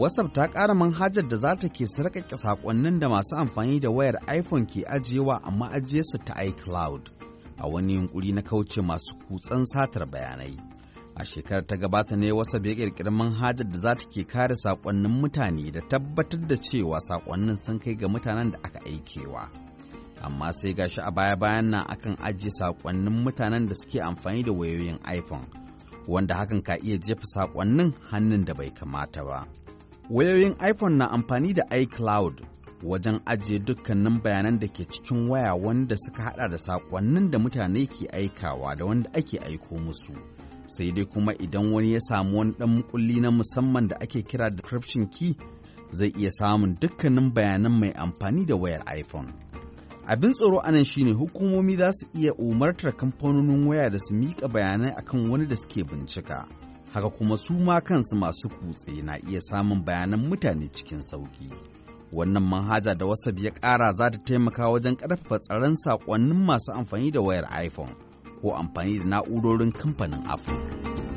WhatsApp ta ƙara manhajar da za ta ke sarƙaƙe saƙonnin da masu amfani da wayar iPhone ke ajiyewa a ma'ajiyarsa ta iCloud a wani yunƙuri na kauce masu kutsan satar bayanai. A shekarar ta gabata ne WhatsApp ya ƙirƙiri manhajar da za ta ke kare saƙonnin mutane da tabbatar da cewa saƙonnin sun kai ga mutanen da aka aikewa. Amma sai gashi a baya-bayan nan akan ajiye saƙonnin mutanen da suke amfani da wayoyin iPhone. wanda hakan ka iya jefa saƙonnin hannun da bai kamata ba. Wayoyin iPhone na amfani da iCloud wajen ajiye dukkanin bayanan da ke cikin waya wanda suka hada da sakonnin da mutane ke aikawa da wanda ake aiko musu. Sai dai kuma idan wani ya samu wani ɗan mukulli na musamman da ake kira decryption key zai iya samun dukkanin bayanan mai amfani da wayar iPhone. Abin tsoro anan shine hukumomi za su iya umartar kamfanonin waya da su miƙa bayanai akan wani da suke bincika. haka kuma su ma kansu masu kutse na iya samun bayanan mutane cikin sauƙi. Wannan manhaja da WhatsApp ya ƙara za ta taimaka wajen ƙarfafa tsaron saƙonnin masu amfani da wayar iPhone ko amfani da na'urorin kamfanin Apple.